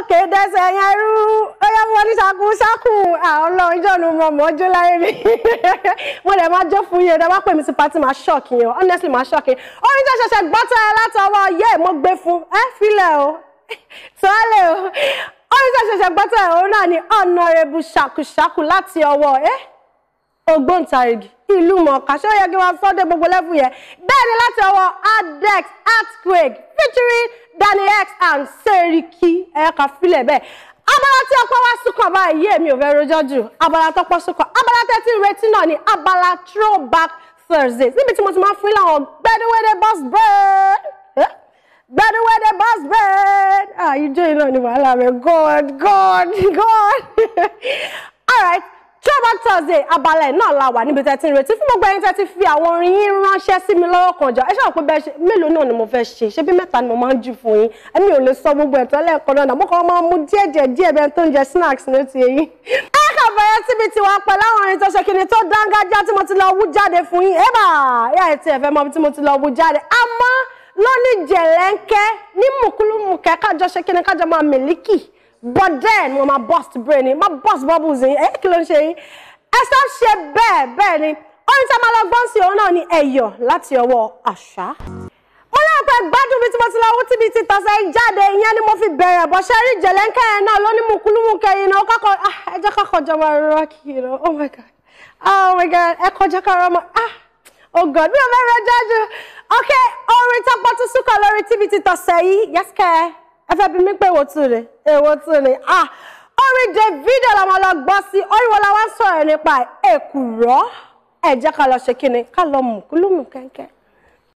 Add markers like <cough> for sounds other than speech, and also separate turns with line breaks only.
Okay, dẹsẹ̀ yẹn rú ọyọ́ mi wọlé sakun sakun àwọn ọlọ́run jọ̀nù mọ̀ mọ́ jó láyé mi mo <laughs> lè máa jó fún yẹn dábàá pè mí sí pati máa ṣọ́ọ̀kì yẹn honestly máa ṣọ́ọ̀kì yẹn orin tó ṣẹ̀ṣẹ̀ gbọ́tọ̀ ẹ látọwọ́ yẹ mo gbé fún ẹ filẹ̀ o tọ́lẹ̀ <laughs> o orin tó ṣẹ̀ṣẹ̀ gbọ́tọ̀ ẹ òun náà ni honourable ṣàkùṣàkù láti ọwọ́ ẹ ògbóǹtarìgì ìlú mọ̀ọ́ká ṣé ó yẹ kí wọ́n fọ́dé gbogbo lẹ́fù yẹn bẹ́ẹ̀ ni láti ọwọ́ adex earthquake featuring Danny X and Seriki ẹ kàn filẹ̀ bẹ́ẹ̀ abala tí ọpọ wá sùkàn báyìí èmi ò fẹ́ rojọ́ jù abala tọpọ sùkàn abala tẹ́tí retí náà ni abala throwback Thursday níbi tí mo ti máa fún yín láwọn gbẹdúwẹdẹ boss bread gbẹdúwẹdẹ boss bread ah, àyíjọ iná ni wàhálà rẹ god god <laughs> god all right Thursday abalẹ̀ náà la wà níbi tẹ́tí retí fún gbogbo ẹ̀yin tẹ́tí fi àwọn orin yín ránṣẹ́ sí mi lọ́wọ́ kan jọ ẹ ṣáà pé bẹ́ẹ̀ ṣe mélòó náà ni mo fẹ́ ṣe ṣé bí mẹ́ta ni mo máa ń jù fún yín èmi ò lè sọ gbogbo ẹ̀tọ́ lẹ́ẹ̀kan náà mo kàn máa mú díẹ̀ díẹ̀ díẹ̀ bẹ́ẹ̀ tó ń jẹ snacks ní ti eyín. ẹ kà bẹ̀rẹ̀ síbi tiwa pẹ̀lú àwọn orin tó ṣe kíni tó dángájá tí mo ti lọ wú jáde fún yín ẹ bá mo máa mìlíkì but then mo máa burst bubbles yín ẹ kí ló ń ṣe yín ẹ sọ ṣe bẹ́ẹ̀ bẹ́ẹ̀ ni orin tá a máa lọ gbọ́n sí òun náà ni ẹ̀yọ̀ láti ọwọ́ àṣà mo láǹpẹ́ gbádùn bí tí mo ti lọ wọ́n tíbi ti tọ̀sẹ̀ jáde ìyẹn ni mo fi bẹ̀rẹ̀ bọ̀ ṣe rí jẹ̀lẹ́ńkẹ́ yẹn náà lónìí mú kúlùmù kẹyìn náà kọ́kọ́ ah, ẹ kọ́kọ́ jọba rọ kì oh my god ah, oh my god ẹ kọjá kọ́ra ọmọ ah oh god mi ò fẹ́ rẹ jáde ok orin tọpọ tún súnkọ lórí tíbi ti tọ̀sẹ̀ yìí yẹ́sìkẹ́ ẹ fẹ́ bí mi pé èwo tún ni èwo tún ni ah orin Davido la máa lọ gbọ́ sí orí wọn la wá sọ̀rọ̀ nípa èkùrọ́ ẹ jẹ́ ká lọ ṣe kíni ká lọ mùkúlùmù kẹ́kẹ́.